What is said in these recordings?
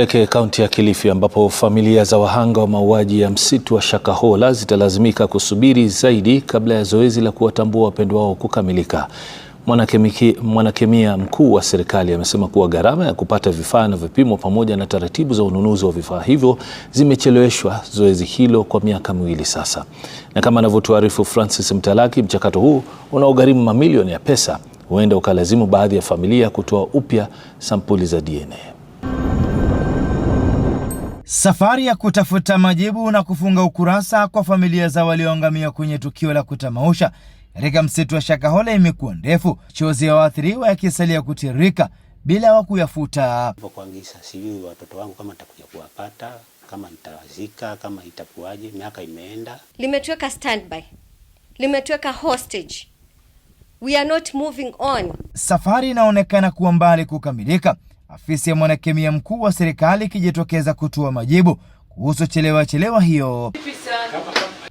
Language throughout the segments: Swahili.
Tuelekee kaunti ya Kilifi ambapo familia za wahanga wa mauaji ya msitu wa Shakahola zitalazimika kusubiri zaidi kabla ya zoezi la kuwatambua wapendwa wao kukamilika. Mwanakemia mkuu wa serikali amesema kuwa gharama ya kupata vifaa na vipimo pamoja na taratibu za ununuzi wa vifaa hivyo zimecheleweshwa zoezi hilo kwa miaka miwili sasa. Na kama anavyotuarifu Francis Mtalaki, mchakato huu unaogharimu mamilioni ya pesa huenda ukalazimu baadhi ya familia kutoa upya sampuli za DNA. Safari ya kutafuta majibu na kufunga ukurasa kwa familia za walioangamia kwenye tukio la kutamausha katika msitu wa Shakahola imekuwa ndefu, chozi ya waathiriwa yakisalia kutiririka bila wa kuyafuta. Kuangisa sijui watoto wangu kama nitakuja kuwapata, kama nitawazika, kama itakuwaje. Miaka imeenda, limetweka standby, limetweka hostage, we are not moving on. Safari inaonekana kuwa mbali kukamilika afisi ya mwanakemia mkuu wa serikali ikijitokeza kutoa majibu kuhusu chelewa chelewa hiyo,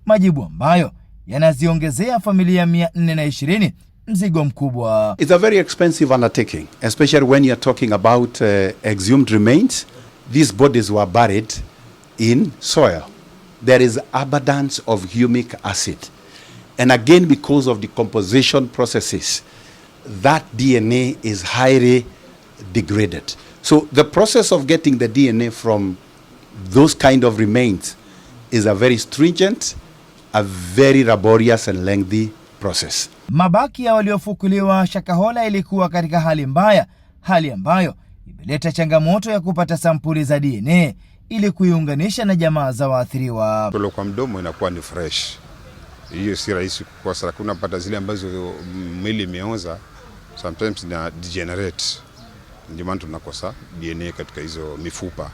majibu ambayo yanaziongezea familia 420 mzigo mkubwa. It's a very expensive undertaking, especially when you're talking about uh, exhumed remains. These bodies were buried in soil. There is abundance of humic acid. And again, because of the composition processes, that DNA is highly degraded. So the process of getting the DNA from those kind of remains is a very stringent, a very laborious and lengthy process. Mabaki ya waliofukuliwa Shakahola ilikuwa katika hali mbaya, hali ambayo imeleta changamoto ya kupata sampuli za DNA ili kuiunganisha na jamaa za waathiriwa. Tolo kwa mdomo inakuwa ni fresh, hiyo si rahisi kukosa, lakini unapata zile ambazo mwili imeoza sometimes na degenerate ndio maana tunakosa DNA katika hizo mifupa.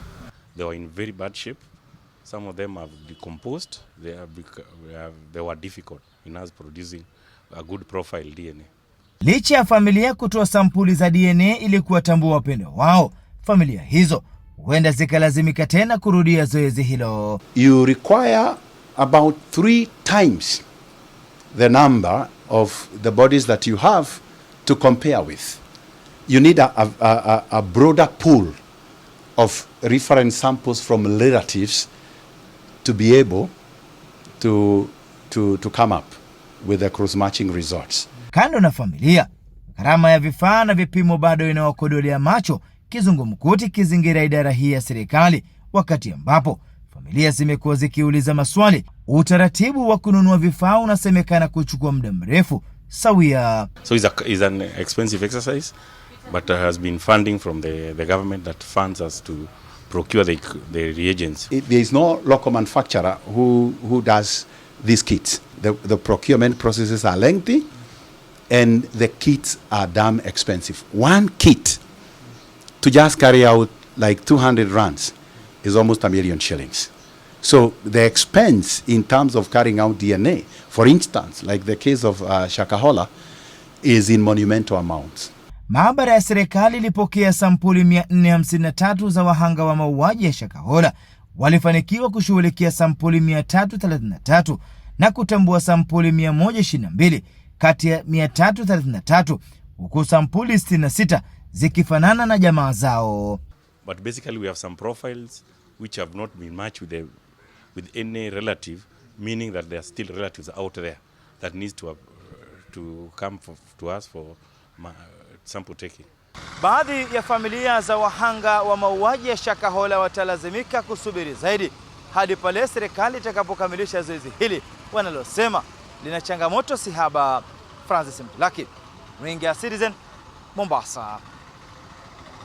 They were in very bad shape. Some of them have decomposed. They, have, they were difficult in us producing a good profile DNA. Licha ya familia kutoa sampuli za DNA ili kuwatambua wapendwa wao, familia hizo huenda zikalazimika tena kurudia zoezi hilo. You require about three times the number of the bodies that you have to compare with you need a, a, a, a broader pool of reference samples from relatives to be able to, to, to come up with the cross matching results. Kando na familia, gharama ya vifaa na vipimo bado inawakodolea macho kizungumkuti kizingira idara hii ya serikali, wakati ambapo familia zimekuwa zikiuliza maswali. Utaratibu wa kununua vifaa unasemekana kuchukua muda mrefu sawia. So it's a, it's an expensive exercise. but there has been funding from the, the government that funds us to procure the, the reagents. It, there is no local manufacturer who, who does these kits. The, the procurement processes are lengthy and the kits are damn expensive. One kit to just carry out like 200 runs is almost a million shillings. So the expense in terms of carrying out DNA, for instance, like the case of uh, Shakahola, is in monumental amounts. Maabara ya serikali ilipokea sampuli 453 za wahanga wa mauaji ya Shakahola. Walifanikiwa kushughulikia sampuli 333 na kutambua sampuli 122 kati ya 333, huku sampuli 66 zikifanana na jamaa zao. But basically we have some profiles which have not been matched with, the, with any relative meaning that there are still relatives out there that needs to, have, to come for, to us for sample taking. Baadhi ya familia za wahanga wa mauaji ya Shakahola watalazimika kusubiri zaidi hadi pale serikali itakapokamilisha zoezi hili wanalosema lina changamoto si haba. Francis Mtulaki, mwingi ya Citizen, Mombasa.